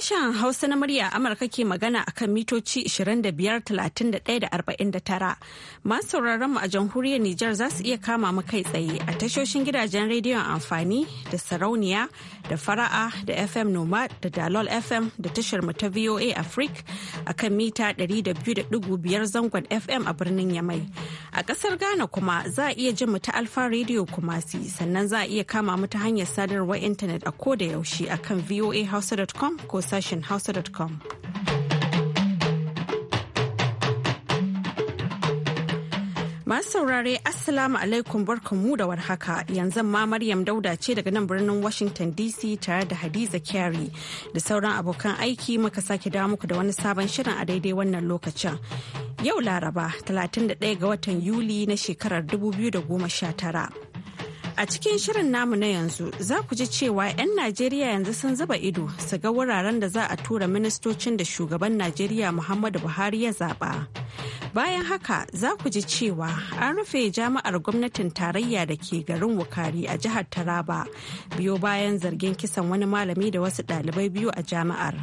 Sashen Hausa na murya Amurka ke magana a kan mitoci 25,31,49. Masu sauraron mu a jamhuriyar Nijar za su iya kama mu kai tsaye a tashoshin gidajen rediyon amfani da sarauniya da fara'a da FM nomad da Dalol FM da tashar mu ta VOA Africa kan mita 200.5 zangon FM a birnin Yamai. A ƙasar Ghana kuma za a iya jin mu ta Alfa rediyo Kumasi sannan za a iya kama mu ta hanyar sadarwar intanet a ko da yaushe a akan voahausa.com ko sashen hausa.com. Masu saurare Assalamu alaikum barkanmu da warhaka yanzu ma Maryam Dauda ce daga nan birnin Washington DC tare da Hadiza Kyari da sauran abokan aiki muka sake dawo muku da wani sabon shirin a daidai wannan lokacin. Yau Laraba 31 ga watan Yuli na shekarar 2019. A cikin shirin namu na yanzu za ku ji cewa 'yan Najeriya yanzu sun zuba ido su ga wuraren da za a tura ministocin da shugaban Najeriya Muhammadu Buhari ya zaba. Bayan haka za ku ji cewa an rufe jami'ar gwamnatin tarayya da ke garin Wukari a jihar Taraba biyo bayan zargin kisan wani malami da wasu ɗalibai biyu a jami'ar.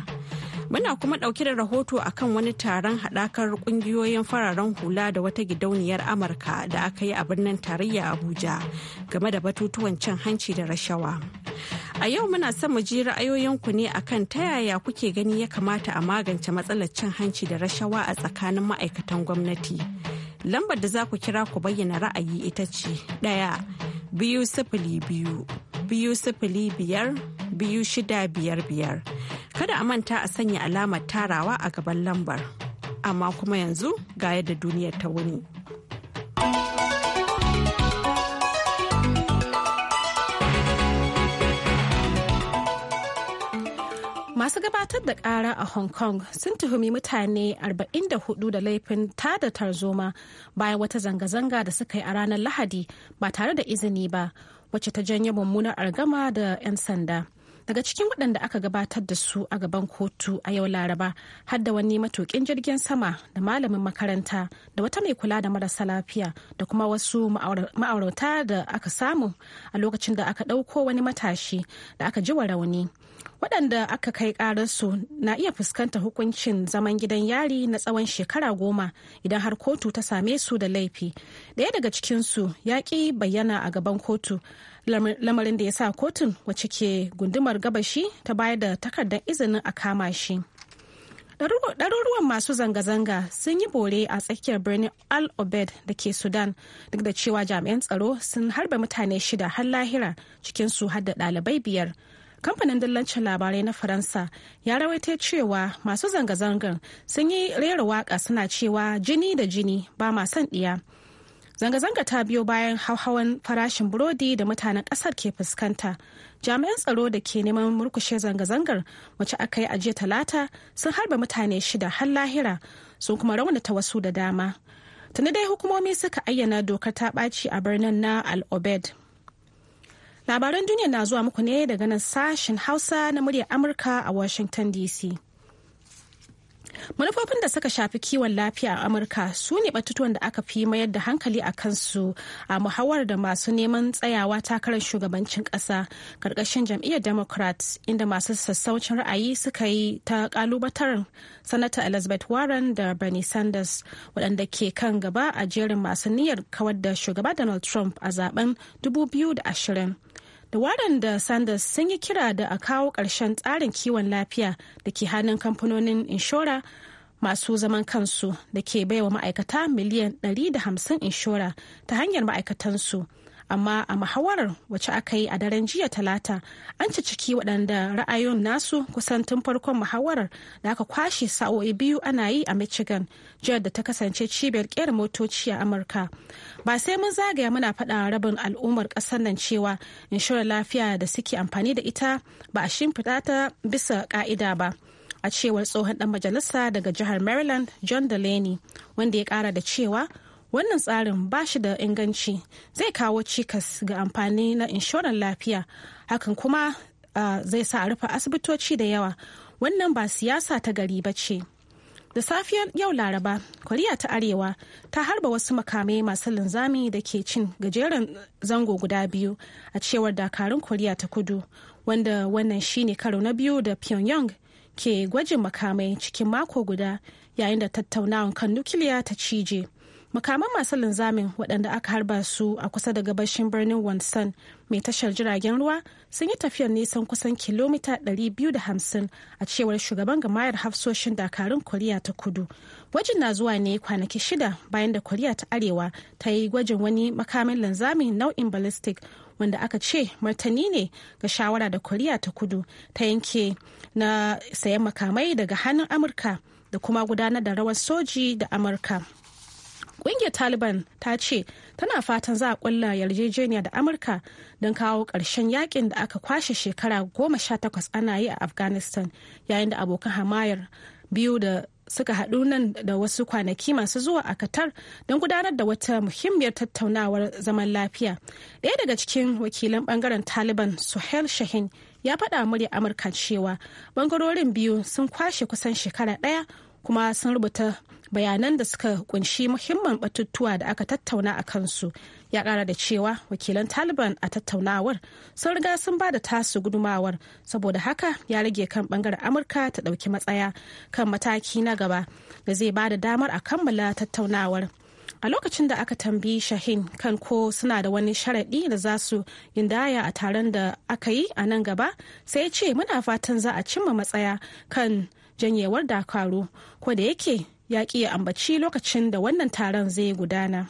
Muna kuma ɗauke da rahoto a kan wani taron haɗakar ƙungiyoyin fararen hula da wata gidauniyar Amurka da aka yi a birnin tarayya Abuja game da batutuwan cin hanci da rashawa. A yau muna son mu ji ra'ayoyinku ne akan ta yaya kuke gani ya kamata a magance matsalar cin hanci da rashawa a tsakanin ma'aikatan gwamnati. Lambar da za ku kira ku bayyana ra'ayi ita ce ɗaya biyu sifili biyu biyu sifili biyar biyu shida biyar biyar. Kada a manta a sanya alamar tarawa a gaban lambar. Amma kuma yanzu ga yadda duniyar ta wuni. Masu gabatar da ƙara a Hong Kong sun tuhumi mutane 44 da laifin tada tarzoma bayan wata zanga-zanga da suka yi a ranar Lahadi ba tare da izini ba, wacce ta janyo mummunar argama da 'yan sanda. daga cikin waɗanda aka gabatar da su a gaban kotu a yau laraba har da wani matukin jirgin sama da malamin makaranta da wata mai kula da marasa lafiya da kuma wasu ma'aurata da aka samu a lokacin da aka ɗauko wani matashi da aka ji wa rauni waɗanda aka kai ƙararsu na iya fuskanta hukuncin zaman gidan yari na tsawon shekara goma idan har kotu ta same su da laifi ɗaya daga cikinsu ya ƙi bayyana a gaban kotu lamarin da ya sa kotun wacce ke gundumar gabashi ta bayar da takardar izinin a kama shi ɗaruruwan masu zanga-zanga sun yi bore a tsakiyar birnin al obed da ke sudan duk da cewa jami'an tsaro sun harba mutane shida har lahira cikinsu har da ɗalibai biyar kamfanin dillancin labarai na faransa ya rawaita cewa masu zanga-zangar sun yi rera waka suna cewa jini da jini ba ma son ɗiya Zanga-zanga ta biyo bayan hauhawan farashin burodi da mutanen ƙasar ke fuskanta. Jami'an tsaro da ke neman murkushe zanga-zangar wacce aka yi a jiya talata sun harba mutane shida har lahira sun kuma raunata wasu da dama. Tuni dai hukumomi suka ayyana dokar ta ɓaci a birnin na Al-Obed. Labaran duniya na zuwa muku ne daga nan sashen Hausa na muryar Amurka a Washington DC. manufofin da suka shafi kiwon lafiya a amurka su ne batutuwan da aka fi mayar da hankali a kansu a muhawar da masu neman tsayawa takarar shugabancin kasa karkashin jam'iyyar democrats inda masu sassaucin ra'ayi suka yi ta kalubatar sanata elizabeth warren da bernie sanders waɗanda ke kan gaba a jerin masu niyyar kawar da shugaba donald trump a zaben 2020 da wadanda sanders sun yi kira da a kawo ƙarshen tsarin kiwon lafiya da ke hannun kamfanonin inshora masu zaman kansu da ke baiwa ma'aikata miliyan 150 inshora ta hanyar ma'aikatansu. amma a muhawarar wacce aka yi a daren jiya talata an ciki waɗanda ra'ayoyin nasu kusan tun farkon muhawarar da aka kwashe sa'o'i biyu ana yi a michigan jihar da ta kasance cibiyar kera motoci a amurka ba sai mun zagaya muna faɗa rabin al'ummar ƙasar nan cewa inshorar lafiya da suke amfani da ita ba a shimfiɗa ta bisa ƙa'ida ba a cewar tsohon ɗan majalisa daga jihar maryland john delaney wanda ya ƙara da cewa wannan tsarin ba shi da inganci zai kawo cikas ga amfani na inshoran lafiya hakan kuma uh, zai sa a rufe asibitoci da yawa wannan ba siyasa ta gari ba ce da safiyar yau laraba koriya ta arewa ta harba wasu makamai masu linzami da ke cin gajeren zango guda biyu a cewar dakarun koriya ta kudu wanda wannan shine karo na biyu da pyongyang ke gwajin makamai cikin mako guda yayin da tattaunawan kan nukiliya ta cije makaman masu linzamin waɗanda aka harba su a kusa da gabashin birnin wonsan mai tashar jiragen ruwa sun yi tafiyar nisan kusan kilomita 250 a cewar shugaban gamayar hafsoshin dakarun koriya ta kudu gwajin na zuwa ne kwanaki shida bayan da koriya ta arewa ta yi gwajin wani makamin linzamin nau'in ballistic wanda aka ce martani ne ga shawara da koriya ta kudu ta yanke na sayan makamai daga hannun amurka da kuma gudanar da rawar soji da amurka. kungiyar taliban ta ce tana fatan za a kulla yarjejeniya da amurka don kawo ƙarshen yakin da aka kwashe shekara goma sha takwas ana yi a afghanistan yayin da abokan hamayar biyu da suka haɗu nan da wasu kwanaki masu zuwa a Qatar don gudanar da wata muhimmiyar tattaunawar zaman lafiya. Ɗaya daga cikin wakilan ɓangaren Taliban Suhail Shahin ya faɗa murya Amurka cewa ɓangarorin biyu sun kwashe kusan shekara ɗaya kuma sun rubuta bayanan da suka kunshi muhimman batutuwa da aka tattauna a kansu ya kara da cewa wakilan taliban a tattaunawar sun riga sun ba da tasu gudumawar saboda haka ya rage kan bangaren amurka ta dauki matsaya kan mataki na gaba da zai ba da damar a kammala tattaunawar a lokacin da aka tambayi shahin kan ko suna da wani sharaɗi da za su yindaya a taron da aka yi a nan gaba sai ce muna fatan za a cimma matsaya kan janyewar dakaru ko da yake ya ki ya ambaci lokacin da wannan taron zai gudana.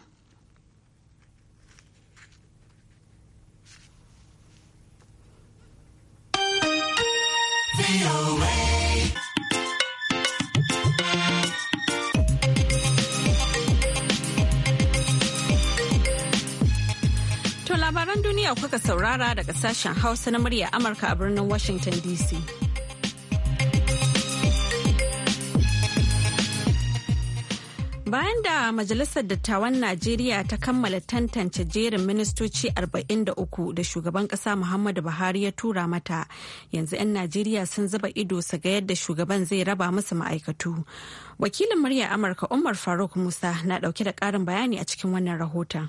To labaran duniya kuka saurara daga sashen Hausa na murya Amurka a birnin Washington DC. Bayan da Majalisar Dattawan Najeriya ta kammala tantance jerin ministoci 43 da shugaban ƙasa Muhammadu Buhari ya tura mata, yanzu 'yan Najeriya sun zuba ido su ga yadda shugaban zai raba musu ma'aikatu. Wakilin murya Amurka Umar Faruk Musa na ɗauke da ƙarin bayani a cikin wannan rahoton.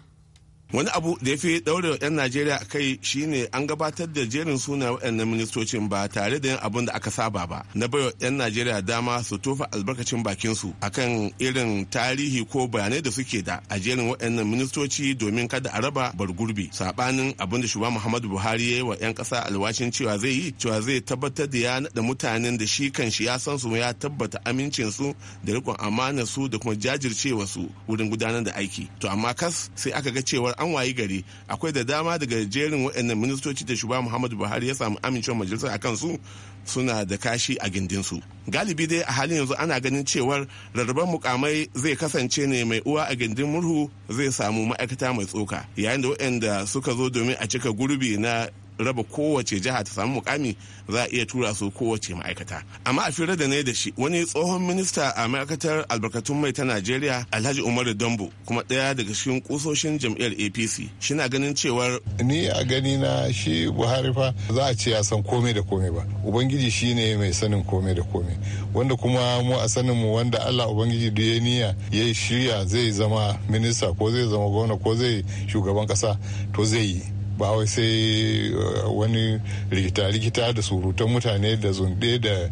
wani abu da ya fi daure wa 'yan najeriya a kai shine an gabatar da jerin suna waɗannan ministocin ba tare da yin abin da aka saba ba na baiwa 'yan najeriya dama su tofa albarkacin bakinsu akan irin tarihi ko bayanai da suke da a jerin waɗannan ministoci domin kada a raba bargurbi Sabanin abin da shugaban muhammadu buhari ya yi wa 'yan ƙasa alwashin cewa zai yi cewa zai tabbatar da ya naɗa mutanen da shi kan shi ya san su ya tabbata amincin su da rikon amanar su da kuma jajircewa su wurin gudanar da aiki to amma kas sai aka ga cewar an wayi gari akwai da dama daga jerin waɗannan ministoci da shuba muhammadu buhari ya samu amincewar majalisar a kansu suna da kashi a gindinsu galibi dai a halin yanzu ana ganin cewar rarraban mukamai zai kasance ne mai uwa a gindin murhu zai samu ma'aikata mai tsoka yayin da waɗanda suka zo domin a cika gurbi na raba kowace jiha ta samu mukami za a iya tura su kowace ma'aikata amma a fira da ne da shi wani tsohon minista a ma'aikatar albarkatun mai ta najeriya alhaji umar dambo kuma ɗaya daga cikin kusoshin jam'iyyar apc shi na ganin cewar ni a gani na shi buhari fa za a ce ya san komai da komai ba ubangiji shi ne mai sanin komai da komai wanda kuma mu a sanin mu wanda allah ubangiji duk ya niya ya shirya zai zama minista ko zai zama gwamna ko zai shugaban kasa to zai yi ba sai eh, wani rikita-rikita da surutan mutane da zunɗe da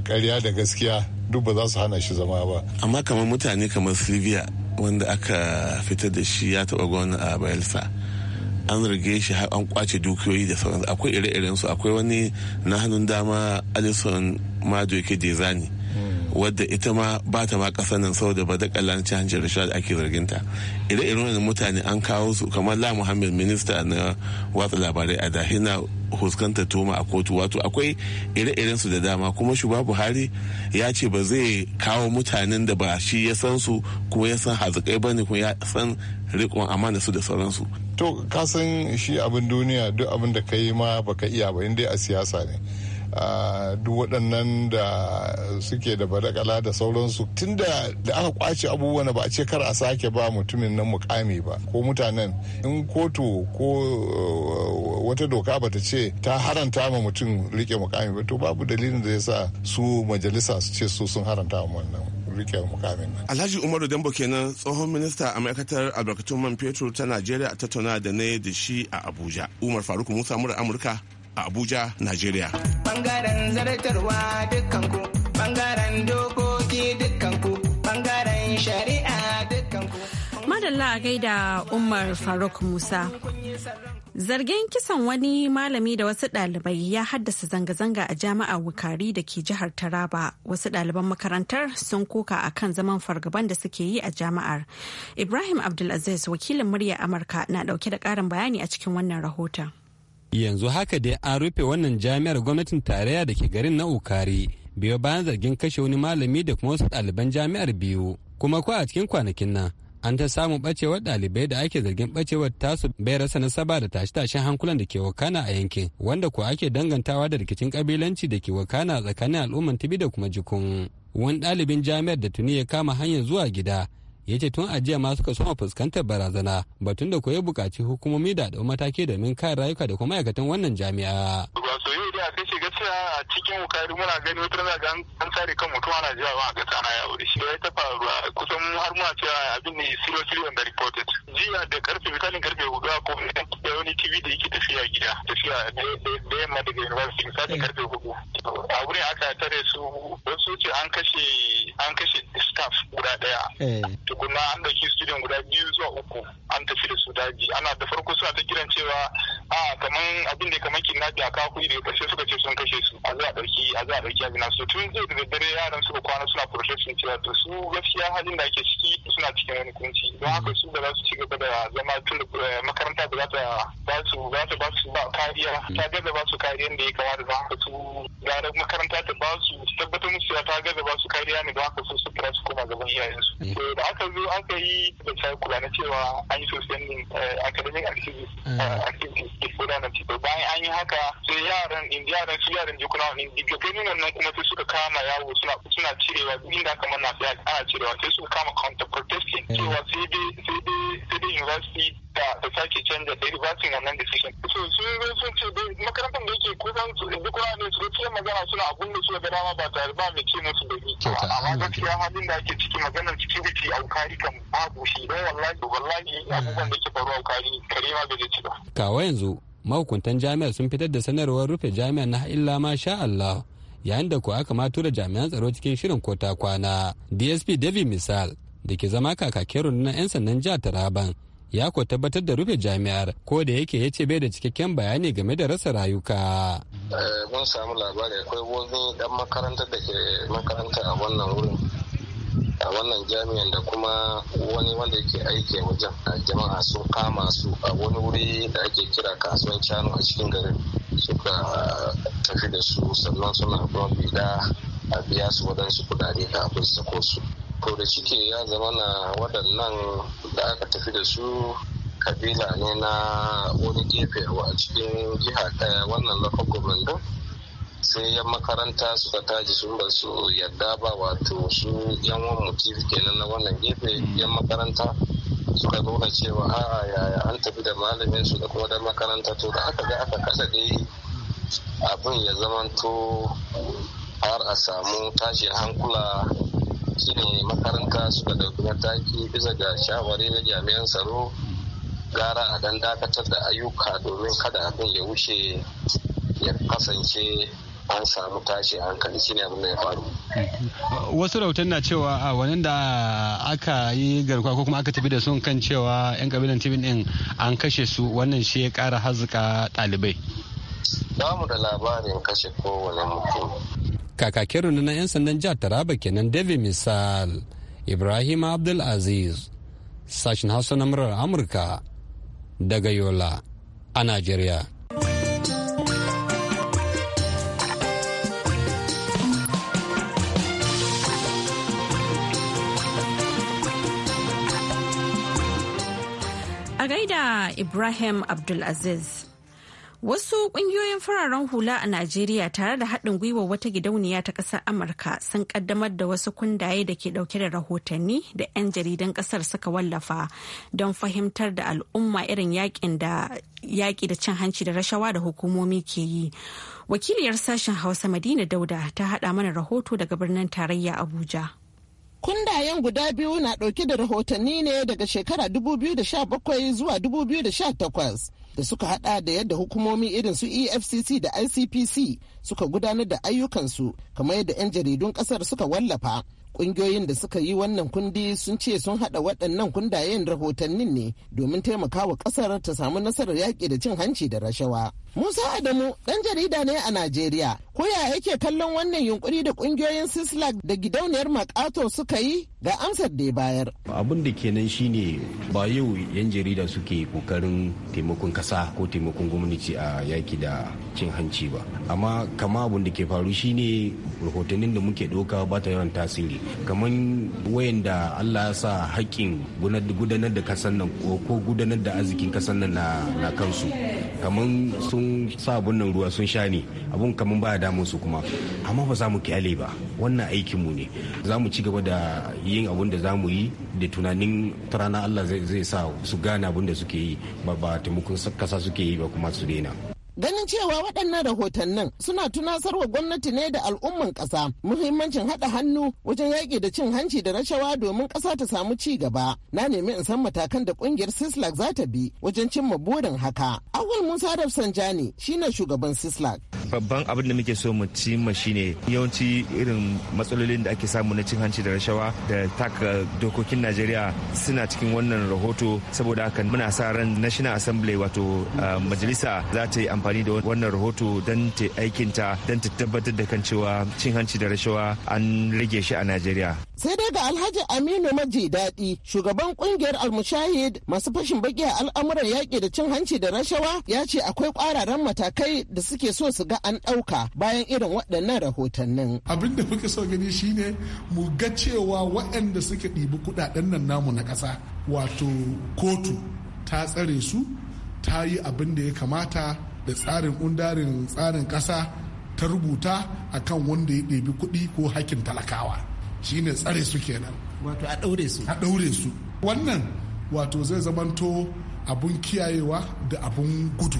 karya eh, da gaskiya duk ba za su hana shi zama ba amma kamar mutane kamar sylvia wanda aka fitar da shi ya taɓa gwana a bayelsa an rage shi har an kwace dukiyoyi da sauransu akwai ire-irensu akwai wani na hannun dama alison madu yake dezani wadda ita ma ba ta ma ƙasar nan saboda ba da ci hanci rashawa da ake zarginta ire irin wani mutane an kawo su kamar la muhammad minista na watsa labarai a dahina huskanta toma a kotu wato akwai ire-iren su da dama kuma shugaba buhari ya ce ba zai kawo mutanen da ba shi ya san su kuma ya san hazikai ba ne ya san rikon amana su da sauransu to kasan shi abin duniya duk abin da ka yi ma baka iya ba inda a siyasa ne duk waɗannan da suke da badakala da sauransu tun da aka kwace abubuwan ba a ce kar a sake ba mutumin nan mukami ba ko mutanen in kotu ko eh, wata doka ba ta ce ta haranta ma mutum rike mukami ba to babu dalilin da ya sa su majalisa su ce su sun haranta ma wannan rike mukamin nan. Alhaji Umaru Dambo kenan tsohon minista a ma'aikatar albarkatun man fetur ta Najeriya a tattauna da na da shi a Abuja. Umar Faruk Musa Mura Amurka a Abuja, Najeriya. Bangaren zartarwa dukkanku, bangaren dokoki dukkanku, bangaren shari'a dukkanku. Madalla a gaida Umar Faruk Musa. Zargin kisan wani malami da wasu ɗalibai ya haddasa zanga-zanga a jami'a Wukari da ke jihar Taraba. Wasu ɗaliban makarantar sun koka a kan zaman fargaban da suke yi a jama'ar. Ibrahim Abdulaziz wakilin murya Amurka na ɗauke da ƙarin bayani a cikin wannan rahoton. yanzu haka dai an rufe wannan jami'ar gwamnatin tarayya da ke garin na ukari biyo bayan zargin kashe wani malami da kuma wasu ɗaliban jami'ar biyu kuma ko a cikin kwanakin nan an ta samu ɓacewar ɗalibai da ake zargin ɓacewar tasu bai rasa nasaba da tashe-tashen hankulan da ke wakana a yankin wanda ko ake dangantawa da rikicin kabilanci da ke wakana tsakanin al'umman tibi da kuma jikun wani ɗalibin jami'ar da tuni ya kama hanyar zuwa gida ya ce tun ajiya ma suka soma fuskantar barazana batun da koya bukaci hukumomi da ɗau mataki domin kare rayuka da kuma ma'aikatan wannan jami'a. Ba so yau da kai shiga cewa a cikin wukari muna gani wata rana ga an sare kan mutum ana jiya ba a ga sana ya wuri. Da ya ta faruwa kusan har muna cewa abin ne seriously under reported. Jiya da karfe misalin karfe guga ko da wani TV da yake tafiya gida tafiya da yamma daga university misalin karfe hudu. A wurin aka tare su wasu ce an kashe an kashe staff guda daya. Eh. na an ɗauki student guda biyu zuwa uku tafi da su daji ana da farko suna ta kiran cewa a kaman abin da kaman kidnapping a ka kuɗi daga ƙarshe suka ce sun kashe su a a ɗauki a a ɗauki abin su tun zai da daddare yaran suka kwana suna processing cewa to su gaskiya halin da ake ciki suna cikin wani kunci don haka su da za su ci gaba da zama tun eh, makaranta da za ta ba su za ta ba su ba kariya ta gaza ba su kariyan da ya kamata don haka su gara makaranta ta ba su tabbatar musu ya ta gaza ba su kariya ne don haka su su kira su koma gaban iyayensu. Mm. Da aka zo aka yi da kula na cewa an yi waɗannan eh, academic activities mm. eh, activities ke gudanar ciki bayan an yi haka sai yaran in yaran su yaran jikuna in gani nan kuma sai suka kama yawo suna suna cirewa inda aka manna sai ana cirewa sai suka kama counter protesting mm. cewa sai dai sai dai sai dai university da ta sake canza da reversing wannan decision so sun zo sun ce makarantar da yake kusan jikuna ne su ce magana suna abun da suka ga dama ba tare ba mai ce musu da kyauta amma gaskiya halin da ake ciki maganar cikin da ke aukari kan babu shi don wallahi wallahi hmm. abubuwan da ke faruwa aukari kare ma bai ci ba kawai yanzu mahukuntan jami'ar sun fitar da sanarwar rufe jami'ar na illa ma sha Allah yayin da ko aka ma tura jami'an tsaro cikin shirin kota kwana DSP David Misal da ke zama kakakin rundunar 'yan sandan jihar Taraban ya ko tabbatar da rufe jami'ar ko da yake ya ce bai da cikakken bayani game da rasa rayuka. Eh, mun samu labari akwai wani dan makaranta da ke makaranta a wannan wurin a wannan jami'an da kuma wani wanda yake aiki a wajen jama'a sun kama su a wani wuri da ake kira kasuwan cano a cikin garin suka tafi da su sannan suna bida a biya su waɗansu kudade kafin sako su ko da ke ya zama na waɗannan da aka tafi da su kabila ne na wani gefe a cikin jiha ɗaya wannan lafa gwamnati sai yan makaranta suka taji sun ba su yadda ba wato su yan wani mutum kenan na wannan gefe mm. yan makaranta suka nuna cewa a yaya an tafi da malamin su da kuma da makaranta to da aka ga aka kasa dai abin ya zamanto har a samu tashin hankula su makaranta suka ɗauki mataki bisa ga shawari na jami'an tsaro gara a dan dakatar da ayyuka domin kada abin ya wuce ya kasance an samu tashi hankali shine abin da ya faru wasu rahoton na cewa a wannan da aka yi garkuwa ko kuma aka tafi da sun kan cewa yan kabilan tibin din an kashe su wannan shi ya kara hazuka ɗalibai. ba mu da labarin kashe kowane mutum kakakin rundunar 'yan sandan jihar taraba kenan david misal ibrahim abdulaziz sashen hausa na murar amurka daga yola a najeriya a ibrahim abdulaziz Wasu ƙungiyoyin fararen hula a Najeriya tare da haɗin gwiwa wata gidauniya ta ƙasar Amurka sun ƙaddamar da wasu kundaye da ke ɗauke da rahotanni da 'yan jaridan ƙasar suka wallafa don fahimtar da al'umma irin da yaƙi da cin hanci da rashawa da hukumomi ke yi. Wakiliyar sashen Hausa Madina Dauda ta haɗa mana rahoto daga birnin tarayya Abuja. Kundayen guda biyu na ɗauke da rahotanni ne daga shekara 2017 zuwa 2018. da suka hada da yadda hukumomi irin su efcc da icpc suka gudanar da ayyukansu kamar yadda 'yan jaridun kasar suka wallafa ƙungiyoyin da suka yi wannan kundi sun ce sun hada waɗannan kundayen rahotannin ne domin taimakawa kasar ta samu nasarar yaƙi da cin hanci da rashawa Musa Adamu ɗan jarida ne a Najeriya. Koya yake kallon wannan yunkuri da ƙungiyoyin Sislak da gidauniyar Makato suka yi ga amsar da ya bayar. Abin da kenan shine ba yau 'yan jarida suke kokarin taimakon kasa ko taimakon gwamnati a yaki da cin hanci ba. Amma kama abin da ke faru shine rahotannin da muke ɗauka ba ta yawan tasiri. Kamar wayanda Allah ya sa haƙƙin gudanar da kasan nan ko gudanar da arzikin kasan nan na kansu. kaman sun sa abun nan ruwa sun sha ne abun kaman ba damun su kuma amma ba za mu kyale ba wannan aikin mu ne za mu ci gaba da yin abun da za mu yi da tunanin tarana Allah zai sa su gane abun da suke yi ba ba taimakon kasa suke yi ba kuma su daina Ganin cewa waɗannan rahotannin suna tunasarwa gwamnati ne da al'umman ƙasa muhimmancin haɗa hannu wajen yaƙi da cin hanci da rashawa domin ƙasa ta samu ci gaba. Na nemi in san matakan da ƙungiyar Sislak za ta bi wajen cimma burin haka. awul Musa Rafsanjani shine shugaban Sislak. babban abin da muke so mu ma shine yawanci irin matsalolin da ake samu na cin hanci da rashawa da taka dokokin najeriya suna cikin wannan rahoto saboda hakan muna sa ran national assembly wato uh, majalisa za ta yi amfani da wannan rahoto don ta aikinta don ta tabbatar da kan cewa cin hanci da rashawa an rage shi a najeriya sai dai ga alhaji aminu maji daɗi shugaban kungiyar almushahid masu fashin baki a al'amuran yaƙi da cin hanci da rashawa ya ce akwai ƙwararan matakai da suke so su ga an ɗauka bayan irin waɗannan rahotannin. Abin da muke so gani shine mu ga cewa waɗanda suke ɗibi kuɗaɗen nan namu na ƙasa wato kotu ta tsare su ta yi abin da ya kamata da tsarin undarin tsarin ƙasa ta rubuta akan wanda ya ɗebi kuɗi ko hakin talakawa shine tsare su kenan. Wato a ɗaure su. A ɗaure su. Wannan wato zai zamanto abun kiyayewa da abun gudu.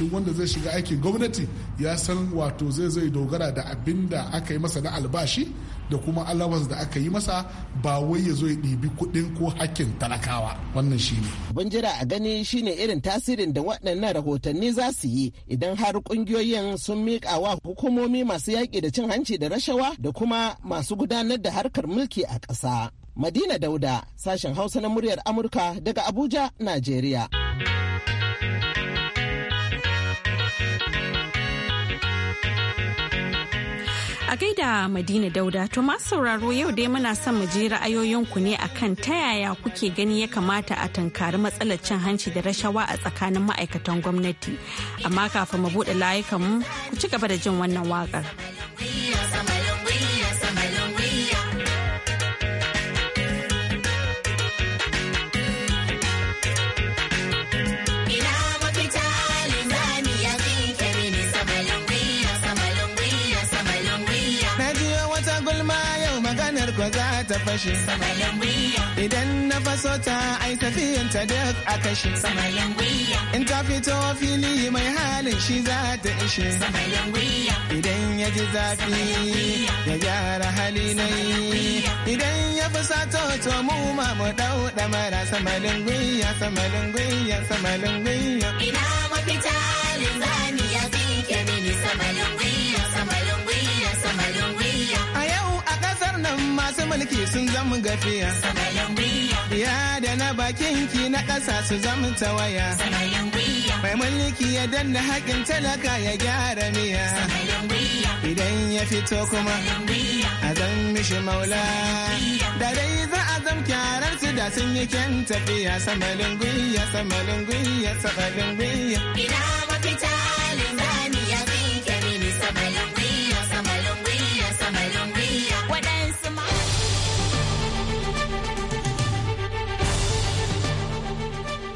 duk wanda zai shiga aikin gwamnati ya san wato zai zai dogara da abin da aka yi masa na albashi da kuma alawas da aka yi masa ba wai ya zo ya ɗibi kuɗin ko hakkin talakawa wannan shi ne. Ban jira a gani shine irin tasirin da waɗannan rahotanni za su yi idan har ƙungiyoyin sun miƙa wa hukumomi masu yaƙi da cin hanci da rashawa da kuma masu gudanar da harkar mulki a ƙasa. Madina Dauda, sashen Hausa na muryar Amurka daga Abuja, Najeriya. a gaida Madina Dauda to masu sauraro yau dai muna son mu ji ra'ayoyinku ne akan ta yaya kuke gani ya kamata a tankari matsalar cin hanci da rashawa a tsakanin ma'aikatan gwamnati. Amma kafin mu buɗe layukan mu ku ci gaba da jin wannan waƙar. kashe idan na faso ta ai tafiyan ta duk a kashe in ta fito fili mai halin shi za ta ishe idan ya ji zafi ya gyara hali na yi idan ya fi sato to mu ma mu ɗauɗa marasa samalin gwiya samalin gwiya samalin gwiya ki sun zama gafiya ya da na bakin ki na ƙasa su zama tawaya mai mulki ya danna haƙin talaka ya gyara miya idan ya fito kuma a zan mishi maula da dai za a zam kyarar su da sun yi kyan tafiya samalin gwiya samalin gwiya samalin gwiya ina mafita linzani ya zinke ni samalin gwiya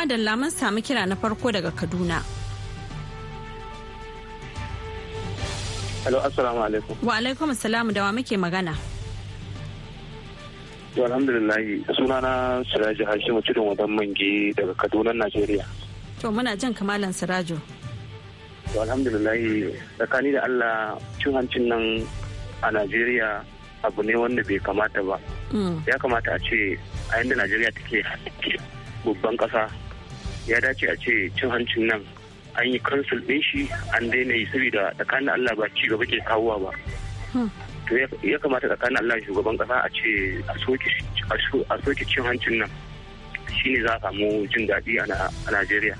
madalla mun samu kira na farko daga Kaduna. alaikum. Wa alaikum assalamu da wa muke magana. To alhamdulillah sunana Siraji Hashimu cikin Wadan mangi daga Kaduna, Najeriya. To muna jan kamalan Siraju. To alhamdulillah tsakani da Allah cin hancin nan a Najeriya abu ne wanda bai kamata ba. Mm. Ya kamata a ce a yadda Najeriya take babban ƙasa ya dace a ce cin hancin nan an yi kansul ɗin shi an daina yi saboda tsakanin Allah ba ci gaba ke kawowa ba. Hmm. To ya kamata tsakanin Allah shugaban ƙasa a ce a soke cin hancin nan shi ne za a samu jin daɗi a Najeriya.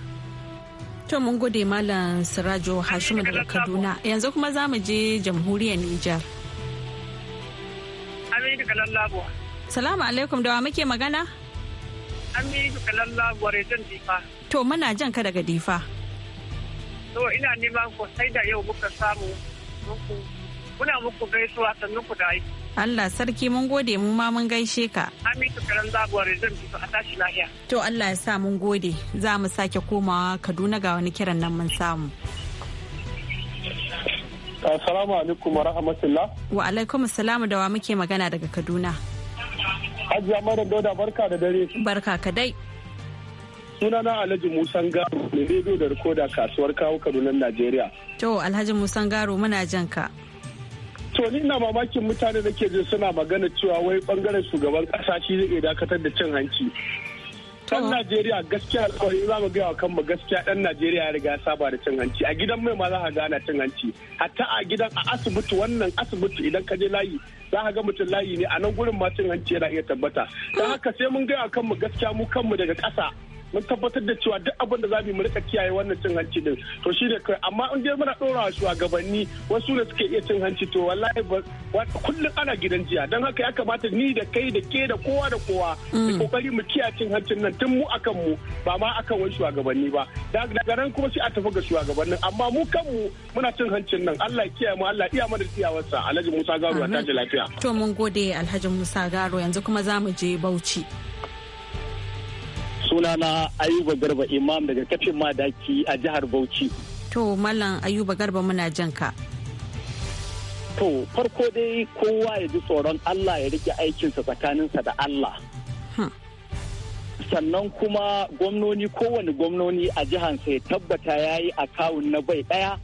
To mun gode Malam Sirajo Hashimu daga Kaduna yanzu kuma za mu je jamhuriyar Nijar. Salamu alaikum da wa muke magana? Amiru Kalalla Gwarejan Difa. To muna jan ka daga Difa. To ina neman ku sai da yau muka samu muku muna muku gaisuwa sannu ku da Allah sarki mun gode mu ma mun gaishe ka. karan Kalalla zan Difa a tashi lahiya. To Allah ya sa mun gode za mu sake komawa Kaduna ga wani kiran nan mun samu. Assalamu alaikum wa rahmatullah. Wa alaikum assalamu da wa muke magana daga Kaduna. Hajiya Maran Dauda barka da dare. Barka ka dai. Sunana Alhaji Musan Garo ne rediyo da rikoda kasuwar kawo Kaduna Najeriya. To Alhaji Musan Garo muna jan ka. To ni ina mamakin mutane da ke jin suna magana cewa wai bangaren shugaban kasa shi zai dakatar da cin hanci. Dan Najeriya gaskiya alƙawari za mu gaya wa kanmu gaskiya dan Najeriya ya riga saba da cin hanci. A gidan mai ma za ka gana cin hanci. Hatta a gidan a asibiti wannan asibiti idan ka je layi za ka ga mutum layi ne a nan gurin ma cin hanci yana iya tabbata. Don haka sai mun gaya wa kanmu gaskiya mu kanmu daga ƙasa mun tabbatar da cewa duk abin da za mu rika kiyaye wannan cin hanci din to shi da kai amma in dai muna dora wa shugabanni wasu ne suke iya cin hanci to wallahi kullum ana gidan jiya don haka ya kamata ni da kai da ke da kowa da kowa mu kokari mm. mu kiyaye cin hancin nan tun mu akan mu ba ma akan wani shugabanni ba daga nan kuma sai a tafi ga shugabannin amma mu kanmu muna cin hancin nan Allah ya kiyaye mu Allah iya mana kiyawarsa Alhaji Musa Garo ta lafiya to mun gode Alhaji Musa Garo yanzu kuma za mu je Bauchi sunana ayuba garba imam daga kafin madaki a jihar bauchi to mallam ayuba garba muna jan ka to farko dai kowa ya ji tsoron allah ya rike aikinsa tsakaninsa da allah sannan kuma gwamnoni kowane gwamnoni a jihansa ya tabbata ya yi akawun na bai daya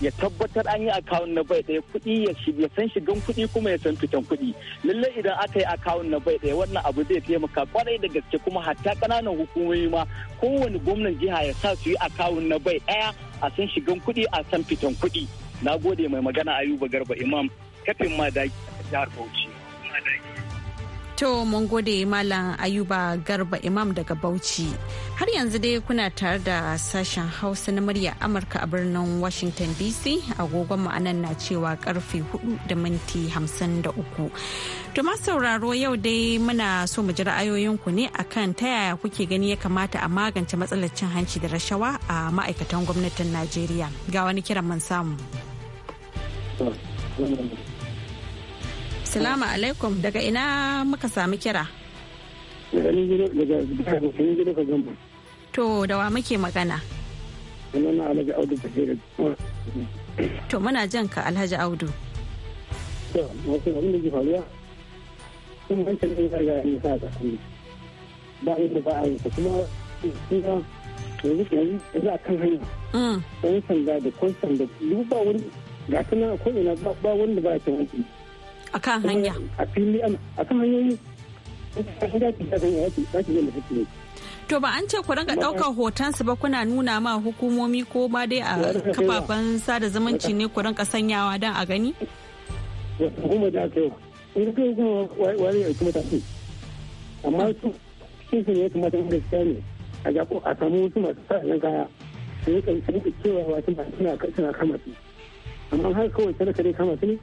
ya tabbatar an yi akawun na bai daya kuɗi ya san shigan kuɗi kuma ya san fitan kuɗi lallai idan aka yi akawun na bai daya wannan abu zai taimaka kwarai da gaske kuma hatta ƙananan hukumomi ma kowane gwamnan jiha ya sa su yi akawun na bai ɗaya a san shigan kuɗi a san fitan kuɗi na gode mai magana ayuba garba imam kafin ma da jihar bauchi To mun gode Malam Ayuba Garba Imam daga Bauchi. Har yanzu dai kuna tare da sashen Hausa na murya Amurka a birnin Washington DC agogon mu na cewa karfe 4 da minti 53. To ma sauraro yau dai muna so mu ji ra'ayoyinku ne akan ta yaya kuke gani ya kamata a magance matsalar cin hanci da rashawa a ma'aikatan gwamnatin Najeriya. Ga wani kiran mun samu. Salamu alaikum daga ina muka sami kira. To da wa muke magana? To muna jan ka Alhaji Audu. da hankali a Ba ba a yi kuma yanzu a kan hanya. Ɗan mm. sanda da kwan sanda duk ba wani ga kana ko ina ba da ba a cin a kan hanya a fili a kan hanyoyi To ba an ce ku ringa ɗaukar hotonsu ba kuna nuna ma hukumomi ko ba dai a kafafen sada zumunci ne ku ringa sanyawa don a gani? Hukumar da aka yi wani ya kuma tafi. Amma su cikin su ne ya kamata in gaskiya ne a zaɓo a samu wasu masu sa'ayen kaya su yi ƙarfi cewa wasu masu suna kama su. Amma har kawai talaka dai kama su ne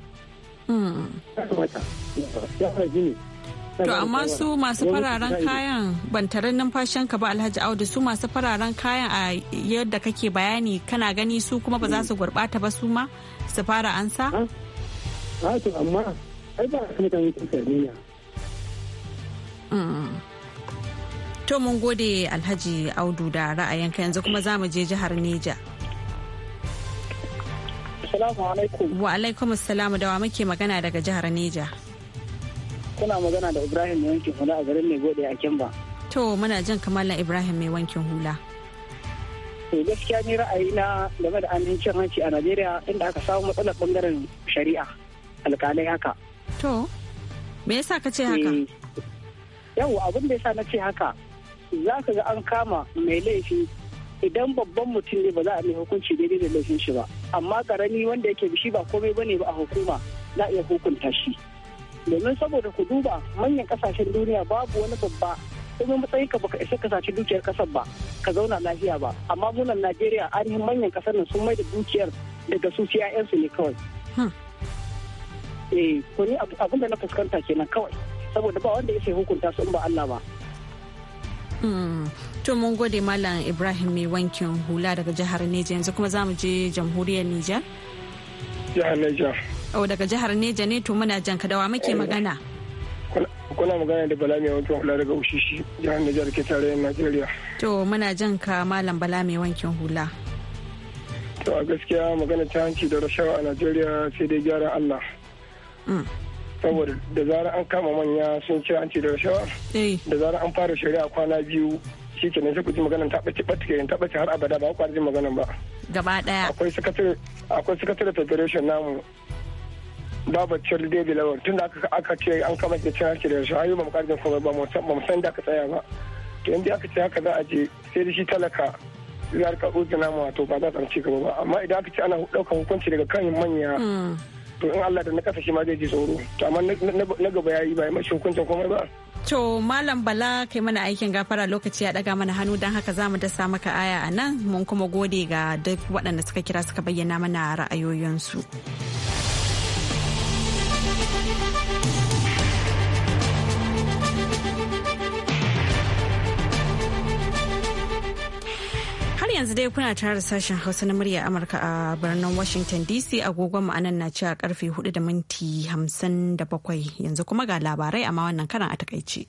To amma su masu fararen kayan ban numfashinka ba Alhaji Audu su masu fararen kayan a yadda kake bayani kana gani su kuma ba za su gurɓata ba su ma su fara ansa? A to amma ai ba su mutane su mm. To mun gode Alhaji Audu da ra'ayinka yanzu kuma za mu je jihar Neja. Assalamu alaikum. Wa alaikum assalamu da wa muke magana daga jihar Neja. Kuna magana da Ibrahim mai wankin hula a garin mai gode a Kimba. To muna jin kamalan Ibrahim mai wankin hula. To gaskiya ni ra'ayi na game da amincin hanci a Najeriya inda aka samu matsalar bangaren shari'a alkalai haka. To me yasa ka ce eh, haka? Yau abin da yasa na ce haka za ka ga an kama mai laifi idan babban mutum ne ba za a mai hukunci daidai da laifin shi ba. amma karami wanda yake shi ba komai bane ba a hukuma na iya hukunta shi domin saboda ku duba manyan kasashen duniya babu wani babba kuma matsayin ka baka isa kasashen dukiyar kasar ba ka zauna lafiya ba amma munan najeriya ainihin manyan kasar nan sun mai da dukiyar daga su su ne kawai hmm. eh ko ni abin da na fuskanta kenan kawai saboda ba wanda ya sai hukunta su in ba Allah ba hmm. To mun gode Malam Ibrahim mai wankin hula daga jihar Neja yanzu kuma za mu je jamhuriyar Nijar. Jihar Neja. Oh daga jihar Neja ne to muna jan kadawa muke magana. kuna magana da bala mai wankin hula daga ushishi jihar Nijar ke tarayyar Najeriya. To muna jan ka malam bala mai wankin hula. To a gaskiya magana ta hanci da rashawa a Najeriya sai dai gyara Allah. Mm. Saboda da zarar an kama manya sun ci hanci da rashawa, eh. da zarar an fara shari'a kwana biyu shi ke sai ku ji maganan ta ɓace ɓace ta ɓace har abada ba ku jin maganan ba gaba ɗaya akwai sakatare akwai sakatare federation namu babu cin dabi lawan tun da aka ce an kama ke cin harki da shi ayyuka mu ƙarfin kuma ba mu san da aka tsaya ba to yanzu aka ce haka za a je sai da shi talaka za ka uzina mu wato ba za a ci gaba ba amma idan aka ce ana ɗaukar hukunci daga kan manya mm. to in Allah da na kasa shi ma zai ji tsoro to amma na gaba yi ba ya mashi hukuncin komai ba To Malam Bala kai mana aikin gafara lokaci ya daga mana hannu don haka za mu dasa maka aya a nan mun kuma gode ga duk waɗanda suka kira suka bayyana mana ra'ayoyinsu. yanzu dai kuna tare da sashen Hausa na murya Amurka a birnin Washington DC agogon mu anan na ci a karfe 4 da minti yanzu kuma ga labarai amma wannan karan a takaice.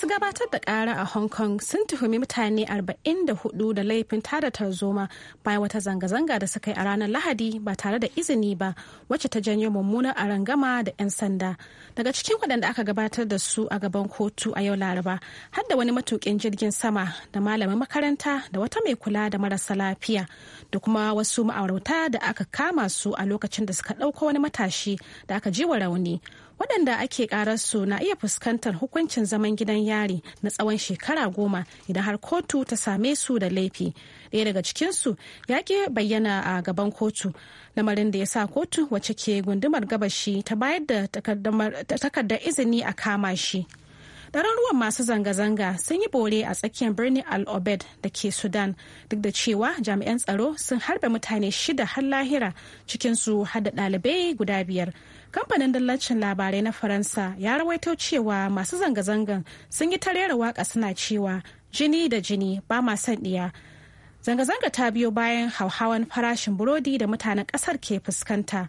Masu gabatar da kara a Hong Kong sun tuhumi mutane 44 da laifin tada tarzoma bayan wata zanga-zanga da suka yi a ranar Lahadi ba tare da izini ba wacce ta janyo mummunar arangama da 'yan sanda. Daga cikin waɗanda aka gabatar da su a gaban kotu a yau Laraba har da wani matukin jirgin sama da malamin makaranta da wata mai kula da marasa lafiya da kuma wasu ma'aurata da aka kama su a lokacin da suka ɗauko wani matashi da aka ji wa rauni. waɗanda ake su na iya fuskantar hukuncin zaman gidan yari na tsawon shekara goma idan har kotu ta same su da laifi ɗaya daga cikinsu ya ke bayyana a gaban kotu lamarin da ya sa kotu wacce ke gundumar gabashi ta bayar da takardar izini a kama shi ɗaruruwan masu zanga-zanga sun yi bore a tsakiyar birnin al-obed da ke sudan duk da cewa jami'an tsaro sun harbe mutane shida har lahira cikinsu har da ɗalibai guda biyar kamfanin dallacin labarai na faransa ya rawaito cewa masu zanga-zangan sun yi ta rera waka suna cewa jini da jini ba ma son ɗiya zanga-zanga ta biyo bayan hauhawan farashin burodi da mutanen kasar ke fuskanta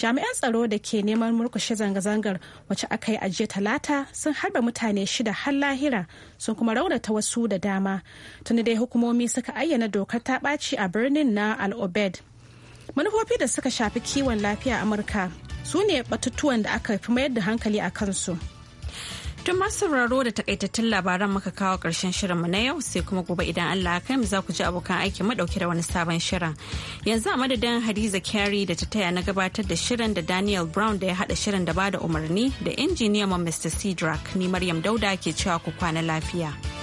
jami'an tsaro da ke neman murkushe zanga-zangar wacce aka yi ajiye talata sun harba mutane shida har lahira sun kuma raunata wasu da dama tuni dai hukumomi suka ayyana dokar ta ɓaci a birnin na al-obed manufofi da suka shafi kiwon lafiya amurka su ne batutuwan da aka fi mayar da hankali a kansu. Tun masu sauraro da takaitattun labaran muka kawo karshen shirinmu na yau sai kuma gobe idan Allah ya mu za ku ji abokan aiki mu dauke da wani sabon shirin. Yanzu a madadin Hadiza Kyari da ta taya na gabatar da shirin da Daniel Brown da ya hada shirin da bada umarni da injiniyan Mr. Cedric ni Maryam Dauda ke cewa ku kwana lafiya.